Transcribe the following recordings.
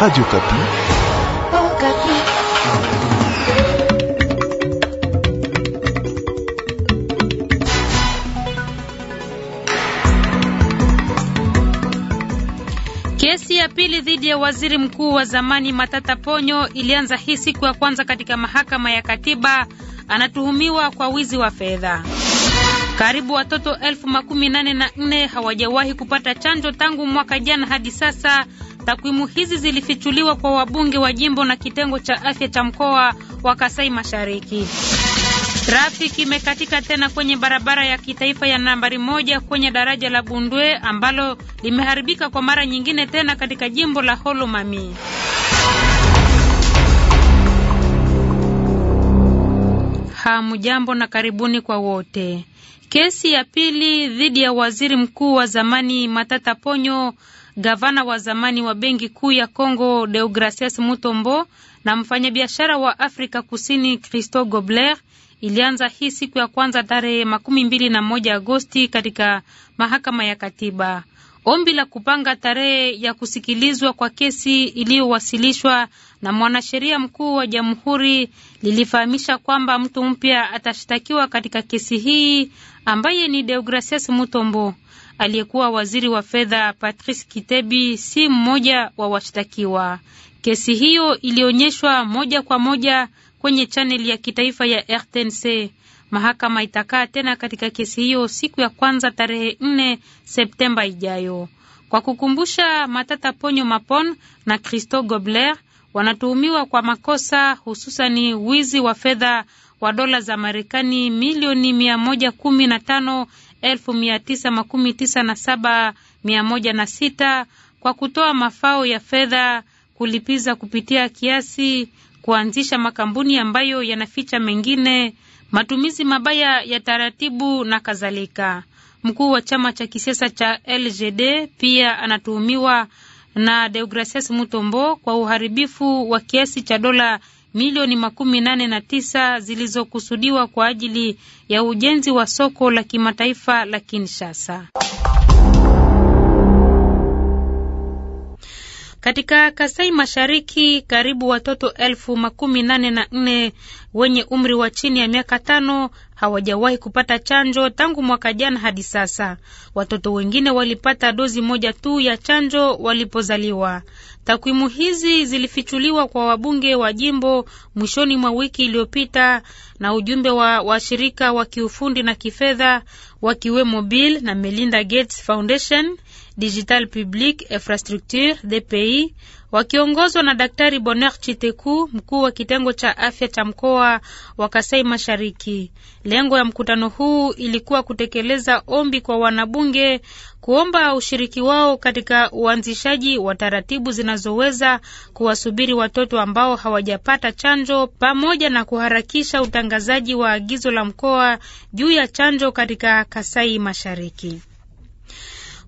Radio Kapi. Oh, Kapi. Kesi ya pili dhidi ya waziri mkuu wa zamani Matata Ponyo ilianza hii siku ya kwanza katika mahakama ya katiba. Anatuhumiwa kwa wizi wa fedha. Karibu watoto elfu makumi nane na nne hawajawahi kupata chanjo tangu mwaka jana hadi sasa Takwimu hizi zilifichuliwa kwa wabunge wa jimbo na kitengo cha afya cha mkoa wa Kasai Mashariki. Trafiki imekatika tena kwenye barabara ya kitaifa ya nambari moja kwenye daraja la Bundwe ambalo limeharibika kwa mara nyingine tena katika jimbo la holomami Mami. Hamjambo na karibuni kwa wote. Kesi ya pili dhidi ya waziri mkuu wa zamani Matata Ponyo gavana wa zamani wa Benki Kuu ya congo Deogracias Mutombo na mfanyabiashara wa Afrika Kusini Christo Gobler ilianza hii siku ya kwanza tarehe makumi mbili na moja Agosti katika mahakama ya katiba. Ombi la kupanga tarehe ya kusikilizwa kwa kesi iliyowasilishwa na mwanasheria mkuu wa jamhuri lilifahamisha kwamba mtu mpya atashtakiwa katika kesi hii ambaye ni Deogracias Mutombo aliyekuwa waziri wa fedha Patrice Kitebi si mmoja wa washtakiwa. Kesi hiyo ilionyeshwa moja kwa moja kwenye chaneli ya kitaifa ya RTNC. Mahakama itakaa tena katika kesi hiyo siku ya kwanza tarehe 4 Septemba ijayo. Kwa kukumbusha, Matata Ponyo Mapon na Christo Gobler wanatuhumiwa kwa makosa hususani wizi wa fedha wa dola za Marekani milioni mia moja kumi na tano elfu mia tisa makumi tisa na saba mia moja na sita kwa kutoa mafao ya fedha, kulipiza kupitia kiasi, kuanzisha makampuni ambayo yanaficha mengine, matumizi mabaya ya taratibu na kadhalika. Mkuu wa chama cha kisiasa cha LGD pia anatuhumiwa na Deogracias Mutombo kwa uharibifu wa kiasi cha dola milioni makumi nane na tisa zilizokusudiwa kwa ajili ya ujenzi wa soko la kimataifa la Kinshasa. Katika Kasai Mashariki, karibu watoto elfu makumi nane na nne wenye umri wa chini ya miaka tano hawajawahi kupata chanjo tangu mwaka jana hadi sasa. Watoto wengine walipata dozi moja tu ya chanjo walipozaliwa. Takwimu hizi zilifichuliwa kwa wabunge wa jimbo mwishoni mwa wiki iliyopita na ujumbe wa washirika wa kiufundi na kifedha wakiwemo Bill na Melinda Gates Foundation Digital Public Infrastructure DPI wakiongozwa na Daktari Bonheur Chiteku, mkuu wa kitengo cha afya cha mkoa wa Kasai Mashariki. Lengo ya mkutano huu ilikuwa kutekeleza ombi kwa wanabunge kuomba ushiriki wao katika uanzishaji wa taratibu zinazoweza kuwasubiri watoto ambao hawajapata chanjo pamoja na kuharakisha utangazaji wa agizo la mkoa juu ya chanjo katika Kasai Mashariki.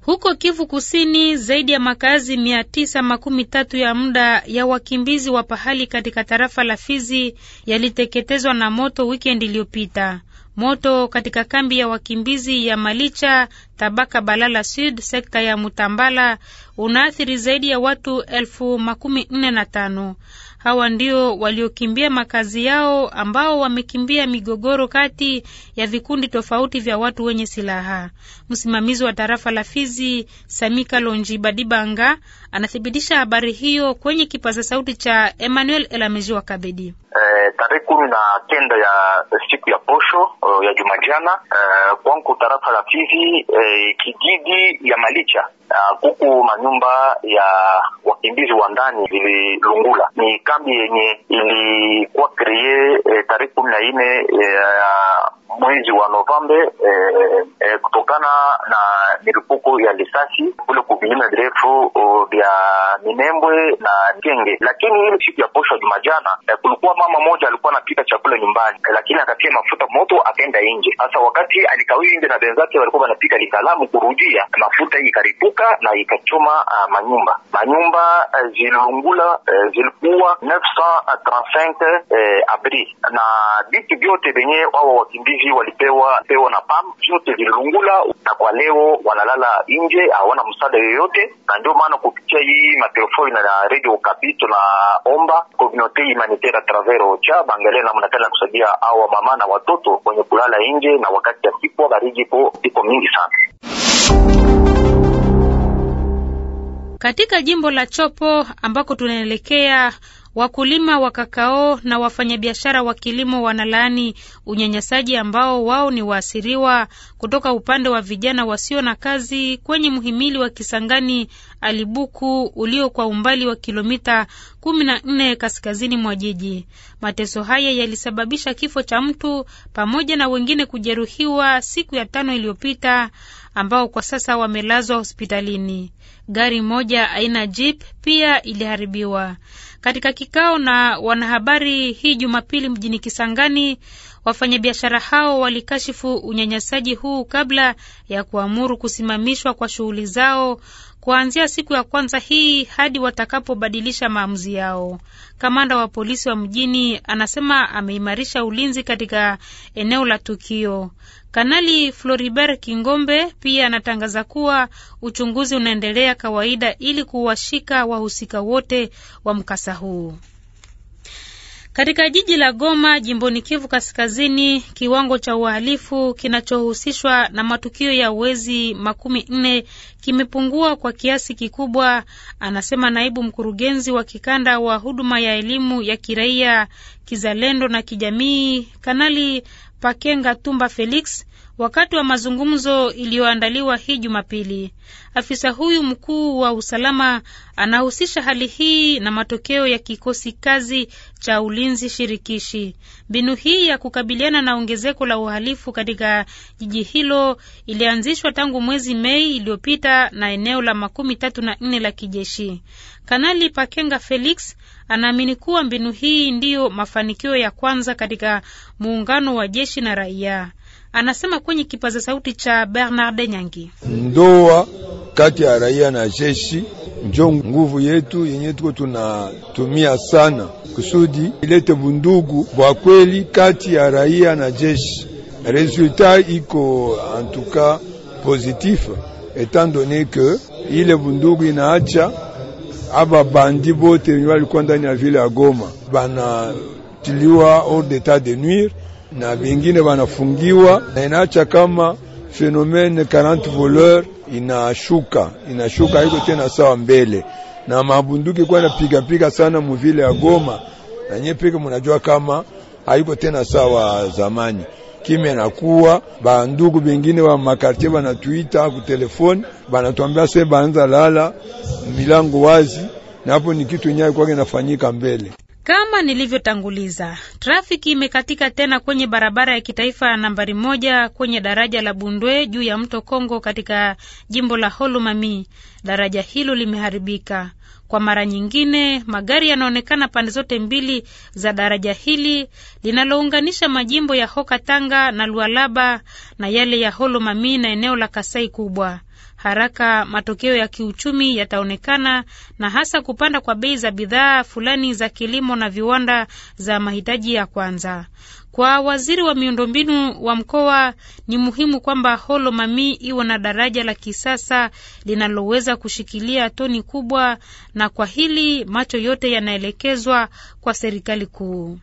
Huko Kivu Kusini, zaidi ya makazi mia tisa makumi tatu ya muda ya wakimbizi wa pahali katika tarafa la Fizi yaliteketezwa na moto wikendi iliyopita. Moto katika kambi ya wakimbizi ya Malicha, tabaka Balala Sud, sekta ya Mutambala unaathiri zaidi ya watu elfu makumi nne na tano. Hawa ndio waliokimbia makazi yao ambao wamekimbia migogoro kati ya vikundi tofauti vya watu wenye silaha. Msimamizi wa tarafa la Fizi, Samika Lonji Badibanga, anathibitisha habari hiyo kwenye kipaza sauti cha Emmanuel Elameji wa Kabedi. Eh, tarehe kumi na kenda ya siku ya posho eh, ya jumajana e, eh, kwanku tarafa la Fizi e, kijiji ya Malicha eh, kuku nyumba ya wakimbizi wa ndani zililungula. Ni kambi yenye ilikuwa kree eh, tarehe kumi na nne eh, ya eh, mwezi wa Novembe eh, eh, kutokana na milipuko ya lisasi kule kuvilima virefu oh, vya Minembwe na Kenge. Lakini ile siku ya posho Jumajana eh, kulikuwa mama moja alikuwa anapika chakula nyumbani eh, lakini akatia mafuta moto akaenda nje. Sasa wakati alikawi nje na benzake walikuwa wanapika likalamu kurudia mafuta hii ikaripuka na ikachoma ah, manyumba manyumba eh, zilungula eh, zilikuwa 935 eh, abri na vitu vyote venye wao wakimbizi wengi walipewa pewa na PAM, vyote vililungula, na kwa leo wanalala nje, hawana msaada yoyote, na ndio maana kupitia hii matelefoni na redio Okapi tunaomba community humanitaire a travers OCHA bangalia namna gani kusaidia hawa mama na watoto wenye kulala nje, na wakati ya siku po iko mingi sana. Katika jimbo la Chopo ambako tunaelekea Wakulima wa kakao na wafanyabiashara wa kilimo wanalaani unyanyasaji ambao wao ni waasiriwa kutoka upande wa vijana wasio na kazi kwenye mhimili wa Kisangani Alibuku ulio kwa umbali wa kilomita 14 kaskazini mwa jiji. Mateso haya yalisababisha kifo cha mtu pamoja na wengine kujeruhiwa siku ya tano iliyopita ambao kwa sasa wamelazwa hospitalini. Gari moja aina jeep pia iliharibiwa. Katika kikao na wanahabari hii Jumapili mjini Kisangani, wafanyabiashara hao walikashifu unyanyasaji huu kabla ya kuamuru kusimamishwa kwa shughuli zao kuanzia siku ya kwanza hii hadi watakapobadilisha maamuzi yao. Kamanda wa polisi wa mjini anasema ameimarisha ulinzi katika eneo la tukio. Kanali Floribert Kingombe pia anatangaza kuwa uchunguzi unaendelea kawaida ili kuwashika wahusika wote wa mkasa huu. Katika jiji la Goma jimboni Kivu Kaskazini, kiwango cha uhalifu kinachohusishwa na matukio ya wezi makumi nne kimepungua kwa kiasi kikubwa, anasema naibu mkurugenzi wa kikanda wa huduma ya elimu ya kiraia, kizalendo na kijamii, Kanali Pakenga Tumba Felix wakati wa mazungumzo iliyoandaliwa hii Jumapili. Afisa huyu mkuu wa usalama anahusisha hali hii na matokeo ya kikosi kazi cha ulinzi shirikishi. Mbinu hii ya kukabiliana na ongezeko la uhalifu katika jiji hilo ilianzishwa tangu mwezi Mei iliyopita na eneo la makumi tatu na nne la kijeshi. Kanali Pakenga Felix anaamini kuwa mbinu hii ndiyo mafanikio ya kwanza katika muungano wa jeshi na raia. Anasema kwenye kipaza sauti cha Bernard Nyangi, ndoa kati ya raia na jeshi njo nguvu yetu yenye tuko tunatumia sana kusudi ilete bundugu bwa kweli kati ya raia na jeshi. Resulta iko antuka positif etant donne que ile bundugu inaacha aba bandi bote wenye walikuwa ndani ya vile ya Goma banatiliwa hors d'etat de nuire na bengine banafungiwa, na inaacha kama fenomene 40 voleur inashuka inashuka, haiko tena sawa mbele, na mabunduki kwa napigapiga sana muvile ya Goma, na nyepeke munajua kama haiko tena sawa zamani kimya nakuwa bandugu bengine wa makartie banatuita kutelefoni, banatuambia se baanza lala milango wazi, na hapo ni kitu enye alikuwa nafanyika mbele. Kama nilivyotanguliza, trafiki imekatika tena kwenye barabara ya kitaifa nambari moja kwenye daraja la Bundwe juu ya mto Kongo katika jimbo la Holomami. Daraja hilo limeharibika kwa mara nyingine. Magari yanaonekana pande zote mbili za daraja hili linalounganisha majimbo ya hokatanga na Lualaba na yale ya Holomami na eneo la Kasai Kubwa haraka matokeo ya kiuchumi yataonekana na hasa kupanda kwa bei za bidhaa fulani za kilimo na viwanda za mahitaji ya kwanza. Kwa waziri wa miundombinu wa mkoa ni muhimu kwamba Holo Mami iwe na daraja la kisasa linaloweza kushikilia toni kubwa, na kwa hili macho yote yanaelekezwa kwa serikali kuu.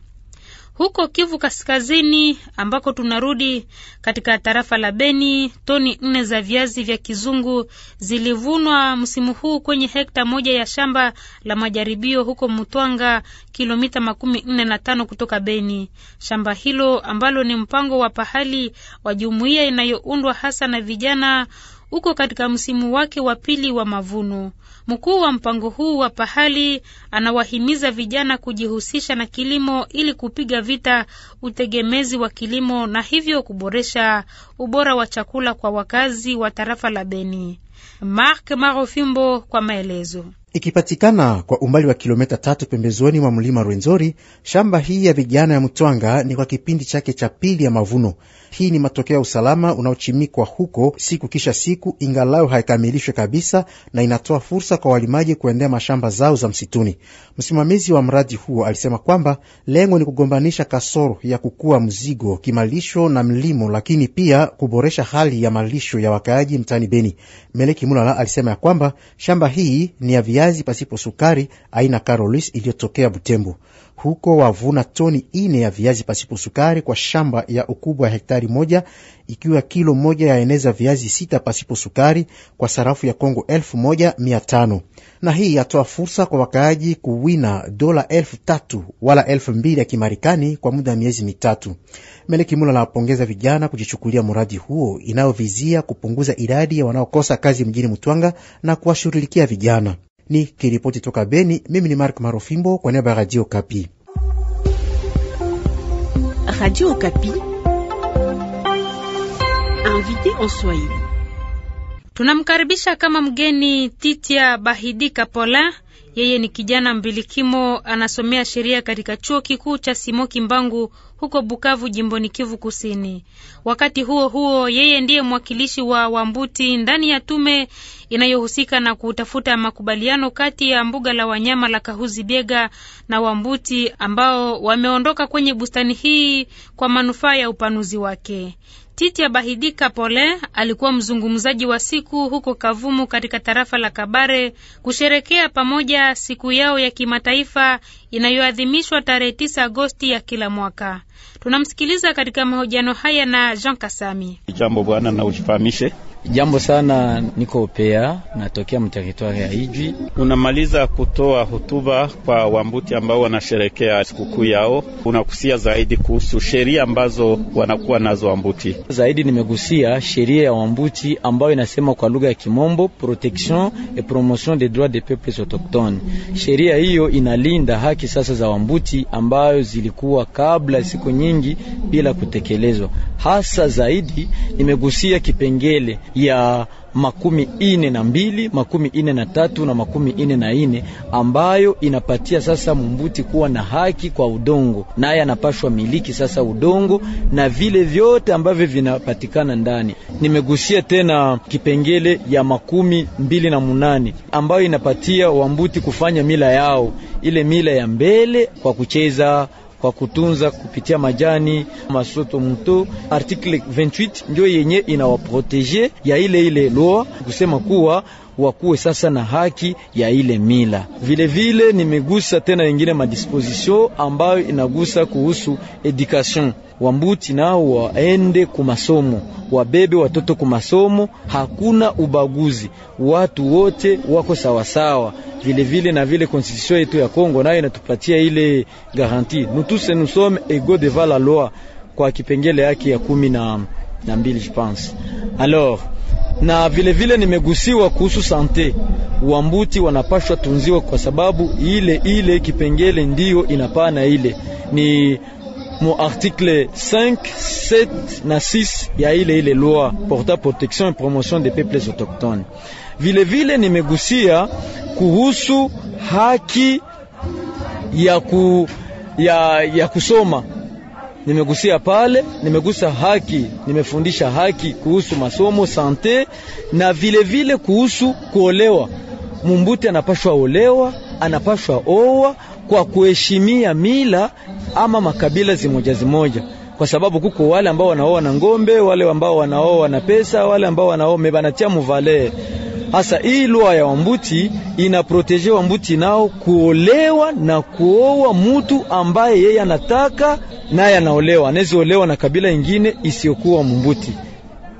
Huko Kivu Kaskazini ambako tunarudi katika tarafa la Beni, toni nne za viazi vya kizungu zilivunwa msimu huu kwenye hekta moja ya shamba la majaribio huko Mutwanga, kilomita makumi nne na tano kutoka Beni. Shamba hilo ambalo ni mpango wa pahali wa jumuiya inayoundwa hasa na vijana, uko katika msimu wake wa pili wa mavuno. Mkuu wa mpango huu wa pahali anawahimiza vijana kujihusisha na kilimo ili kupiga vita utegemezi wa kilimo na hivyo kuboresha ubora wa chakula kwa wakazi wa tarafa la Beni. Mark Marofimbo kwa maelezo ikipatikana kwa umbali wa kilomita tatu pembezoni mwa mlima Rwenzori. Shamba hii ya vijana ya Mtwanga ni kwa kipindi chake cha pili ya mavuno. Hii ni matokeo ya usalama unaochimikwa huko siku kisha siku, ingalau haikamilishwe kabisa, na inatoa fursa kwa walimaji kuendea mashamba zao za msituni. Msimamizi wa mradi huo alisema kwamba lengo ni kugombanisha kasoro ya kukua mzigo kimalisho na mlimo, lakini pia kuboresha hali ya malisho ya wakaaji mtani Beni. Meleki Mulala alisema ya kwamba shamba hii ni ya viazi pasipo sukari aina Carolis iliyotokea Butembo. Huko wavuna toni ine ya viazi pasipo sukari kwa shamba ya ukubwa ya hektari moja, ikiwa kilo moja yaeneza viazi sita pasipo sukari kwa sarafu ya Kongo elfu moja mia tano na hii yatoa fursa kwa wakaaji kuwina dola elfu tatu wala elfu mbili ya Kimarekani kwa muda wa miezi mitatu. Meleki Mula anawapongeza vijana kujichukulia mradi huo inayovizia kupunguza idadi ya wanaokosa kazi mjini Mutwanga na kuwashughulikia vijana. Ni kiripoti toka Beni. Mimi ni Mark Marofimbo kwa niaba ya Radio Kapi. Radio Kapi invité en Swahili. Tunamkaribisha kama mgeni Titia Bahidika Polin yeye ni kijana mbilikimo, anasomea sheria katika chuo kikuu cha Simoki Mbangu huko Bukavu, jimboni Kivu Kusini. Wakati huo huo, yeye ndiye mwakilishi wa Wambuti ndani ya tume inayohusika na kutafuta makubaliano kati ya mbuga la wanyama la Kahuzi Biega na Wambuti ambao wameondoka kwenye bustani hii kwa manufaa ya upanuzi wake. Titia Bahidika Pole alikuwa mzungumzaji wa siku huko Kavumu katika tarafa la Kabare kusherekea pamoja siku yao ya kimataifa inayoadhimishwa tarehe 9 Agosti ya kila mwaka. Tunamsikiliza katika mahojiano haya na Jean Kasami. Jambo bwana, na Jambo sana, niko Opea, natokea mteritwari ya Ijwi. Unamaliza kutoa hotuba kwa Wambuti ambao wanasherekea sikukuu yao, unagusia zaidi kuhusu sheria ambazo wanakuwa nazo Wambuti? Zaidi nimegusia sheria ya Wambuti ambayo inasema kwa lugha ya Kimombo, protection et promotion des droits des peuples autochtones. Sheria hiyo inalinda haki sasa za Wambuti ambayo zilikuwa kabla siku nyingi bila kutekelezwa hasa zaidi nimegusia kipengele ya makumi ine na mbili makumi ine na tatu na makumi ine na ine ambayo inapatia sasa mumbuti kuwa na haki kwa udongo, naye anapashwa miliki sasa udongo na vile vyote ambavyo vinapatikana ndani. Nimegusia tena kipengele ya makumi mbili na munane ambayo inapatia wambuti kufanya mila yao, ile mila ya mbele kwa kucheza kwa kutunza kupitia majani masoto mto. Article 28 ndio yenye inawaproteje ya ile ile loa kusema kuwa wakuwe sasa na haki ya ile mila. Vilevile nimegusa tena ingine madisposition ambayo inagusa kuhusu education Wambuti nao waende kumasomo, wabebe watoto kumasomo. Hakuna ubaguzi, watu wote wako sawasawa vilevile vile, na vile konstitution yetu ya Kongo nayo inatupatia ile garanti nous sommes ego devant la loi kwa kipengele yake ya kumi na, na mbili je pense alors na vile vile nimegusiwa kuhusu sante. Wambuti wanapashwa tunziwa kwa sababu ile ile kipengele ndiyo inapana ile ni mu article 5, 7 na 6 ya ile ile loi porta protection et promotion des peuples autochtones. Vilevile nimegusia kuhusu haki ya, ku, ya, ya kusoma nimegusia pale, nimegusa haki, nimefundisha haki kuhusu masomo, sante na vilevile vile kuhusu kuolewa. Mumbuti anapashwa olewa, anapashwa oa, kwa kuheshimia mila ama makabila zimoja zimoja kwa sababu kuko wale ambao wanaoa na ngombe, wale ambao wanaoa na pesa, wale ambao wanaoa banatia muvale. Hasa hii lwa ya wambuti inaproteje wambuti nao kuolewa na kuoa mutu ambaye yeye anataka naye anaolewa, anaweza na kabila ingine isiyokuwa mumbuti.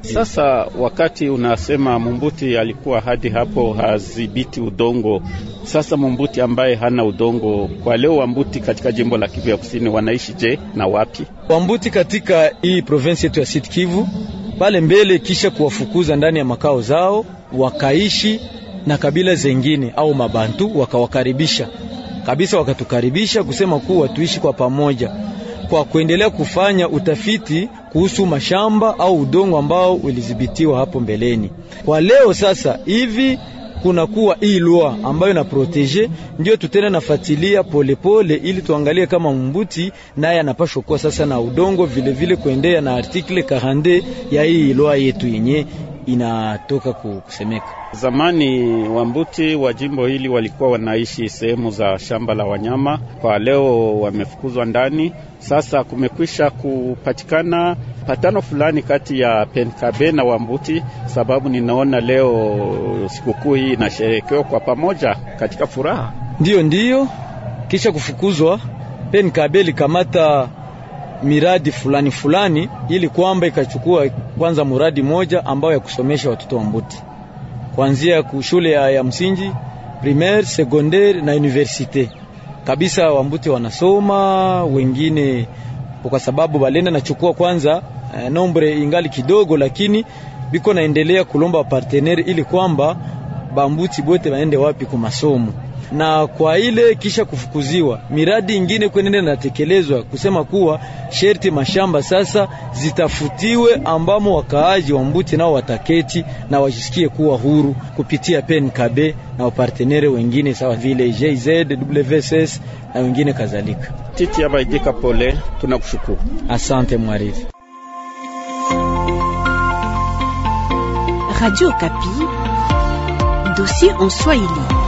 Sasa wakati unasema Mumbuti alikuwa hadi hapo hazibiti udongo. Sasa Mumbuti ambaye hana udongo kwa leo, Wambuti katika jimbo la Kivu ya Kusini wanaishi je na wapi? Wambuti katika hii provinsi yetu ya Sud Kivu pale mbele, kisha kuwafukuza ndani ya makao zao, wakaishi na kabila zengine au mabantu, wakawakaribisha kabisa, wakatukaribisha kusema kuwa tuishi kwa pamoja kwa kuendelea kufanya utafiti kuhusu mashamba au udongo ambao ulidhibitiwa hapo mbeleni. Kwa leo sasa hivi kunakuwa hii lwa ambayo na protege ndio tutena nafatilia polepole, ili tuangalie kama mumbuti naye anapashwa kuwa sasa na udongo vilevile, kuendea na artikle 40 ya hii lwa yetu yenye inatoka kusemeka. Zamani wambuti wa jimbo hili walikuwa wanaishi sehemu za shamba la wanyama, kwa leo wamefukuzwa ndani. Sasa kumekwisha kupatikana patano fulani kati ya Penkabe na Wambuti, sababu ninaona leo sikukuu hii inasherekewa kwa pamoja katika furaha. Ndiyo, ndiyo, kisha kufukuzwa Penkabe likamata miradi fulani fulani, ili kwamba ikachukua kwanza muradi moja ambao ya kusomesha watoto wa Mbuti kuanzia kushule ya, ya msingi primaire, secondaire na universite kabisa. Wambuti wanasoma wengine, kwa sababu balenda nachukua kwanza eh, nombre ingali kidogo, lakini biko naendelea kulomba partenaire ili kwamba bambuti bote baende wapi kumasomo na kwa ile kisha kufukuziwa miradi ingine kwenende inatekelezwa, kusema kuwa sherti mashamba sasa zitafutiwe ambamo wakaaji wa Mbuti nao wataketi na wajisikie kuwa huru kupitia PNKB na wapartenere wengine sawa vile JZ, WSS na wengine kadhalika. Titi Abaidika, pole, tunakushukuru. Asante mwariri. Radio Kapi, dossier en Swahili.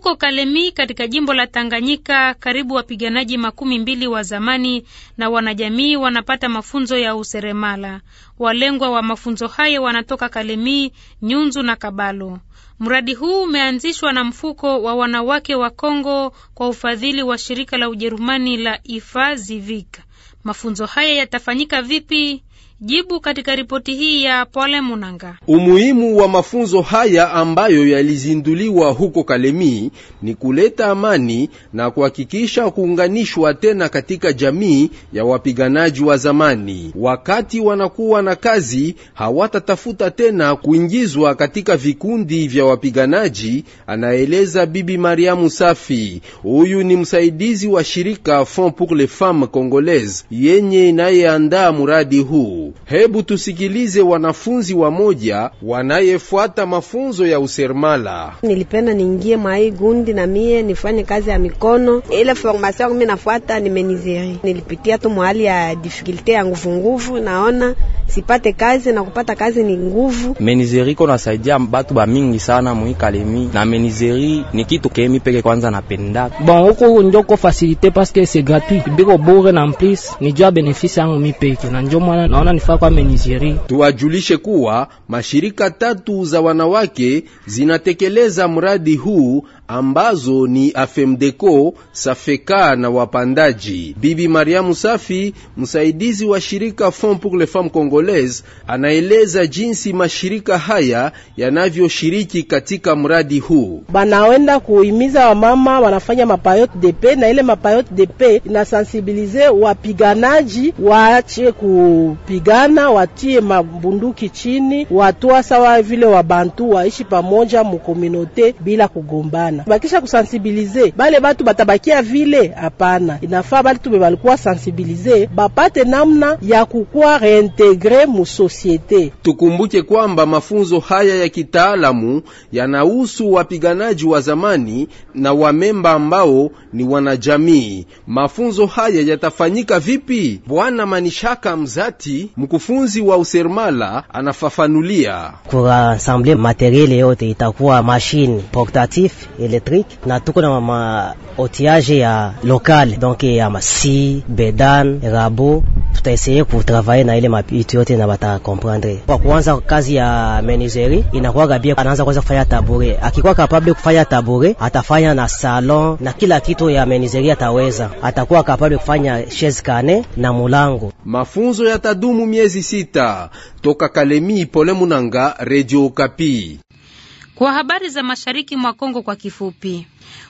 Huko Kalemi katika jimbo la Tanganyika, karibu wapiganaji makumi mbili wa zamani na wanajamii wanapata mafunzo ya useremala. Walengwa wa mafunzo hayo wanatoka Kalemi, Nyunzu na Kabalo. Mradi huu umeanzishwa na mfuko wa wanawake wa Kongo kwa ufadhili wa shirika la Ujerumani la Ifa Zivik. Mafunzo haya yatafanyika vipi? Jibu katika ripoti hii ya Pole Munanga. Umuhimu wa mafunzo haya ambayo yalizinduliwa huko Kalemi ni kuleta amani na kuhakikisha kuunganishwa tena katika jamii ya wapiganaji wa zamani. Wakati wanakuwa na kazi, hawatatafuta tena kuingizwa katika vikundi vya wapiganaji, anaeleza Bibi Mariamu Safi. Huyu ni msaidizi wa shirika Fond pour les Femmes Congolaises yenye inayeandaa muradi huu. Hebu tusikilize wanafunzi wa moja wanayefuata mafunzo ya useremala. Nilipenda niingie mwai gundi na mie nifanye kazi ya mikono, ile formasyon mimi nafuata nimeniziri. Nilipitia tu mwali ya difikilte ya nguvunguvu, naona sipate kazi na kupata kazi ni nguvu. Menizeri iko nasaidia batu ba mingi sana Kalemi, na menizeri ni kitu kemi peke kwanza napenda ba huko ndoko parce que c'est gratuit biko bure na plus ni jua benefisi yangu peke na njo mwana naona manufaa kwa menijeri. Tuwajulishe kuwa mashirika tatu za wanawake zinatekeleza mradi huu ambazo ni afemdeko safeka na wapandaji. Bibi Mariamu Safi, msaidizi wa shirika Fond pour les Femmes Congolaises, anaeleza jinsi mashirika haya yanavyoshiriki katika mradi huu. Banaenda kuhimiza wamama wanafanya mapayote de pe, na ile mapayote de pe inasensibilize wapiganaji waache kupigana, watie mabunduki chini, watoa sawa vile wabantu waishi pamoja mukominote bila kugombana sana. Bakisha kusensibilize bale batu batabakia vile, hapana. Inafaa bale tu balikuwa sensibilize bapate namna ya kukuwa reintegre mu societe. Tukumbuke kwamba mafunzo haya ya kitaalamu yanahusu wapiganaji wa zamani na wamemba ambao ni wanajamii. Mafunzo haya yatafanyika vipi? Bwana Manishaka Mzati, mkufunzi wa usermala, anafafanulia. Kurasamble materiele yote itakuwa mashine portatif electrique na tuko na mama otiage ya lokale donc ya masi bedan rabo tutaeseye kutravaye na ile mapitu yote na batakomprendre. Kwa kuanza kazi ya menuiserie inakuwa gabia anaanza kwanza kufanya tabure. Akikuwa kapable kufanya tabure, atafanya na salon na kila kitu ya menuiserie ataweza, atakuwa kapable kufanya chaise kane na mulango. Mafunzo yatadumu miezi sita. Toka Kalemi, Pole Munanga, Radio kapi kwa habari za mashariki mwa Kongo kwa kifupi,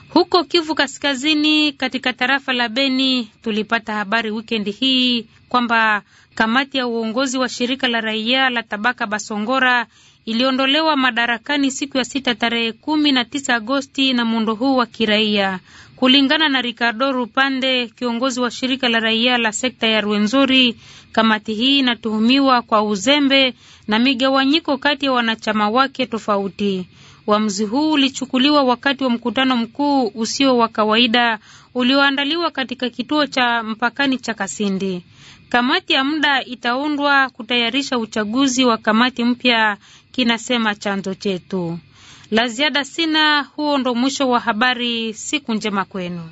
huko Kivu Kaskazini, katika tarafa la Beni, tulipata habari wikendi hii kwamba kamati ya uongozi wa shirika la raia la tabaka Basongora iliondolewa madarakani siku ya sita tarehe kumi na tisa Agosti na muundo huu wa kiraia. Kulingana na Ricardo Rupande, kiongozi wa shirika la raia la sekta ya Rwenzori, kamati hii inatuhumiwa kwa uzembe na migawanyiko kati ya wanachama wake tofauti. Uamuzi huu ulichukuliwa wakati wa mkutano mkuu usio wa kawaida ulioandaliwa katika kituo cha mpakani cha Kasindi. Kamati ya muda itaundwa kutayarisha uchaguzi wa kamati mpya, kinasema chanzo chetu. La ziada sina. Huo ndo mwisho wa habari. Siku njema kwenu.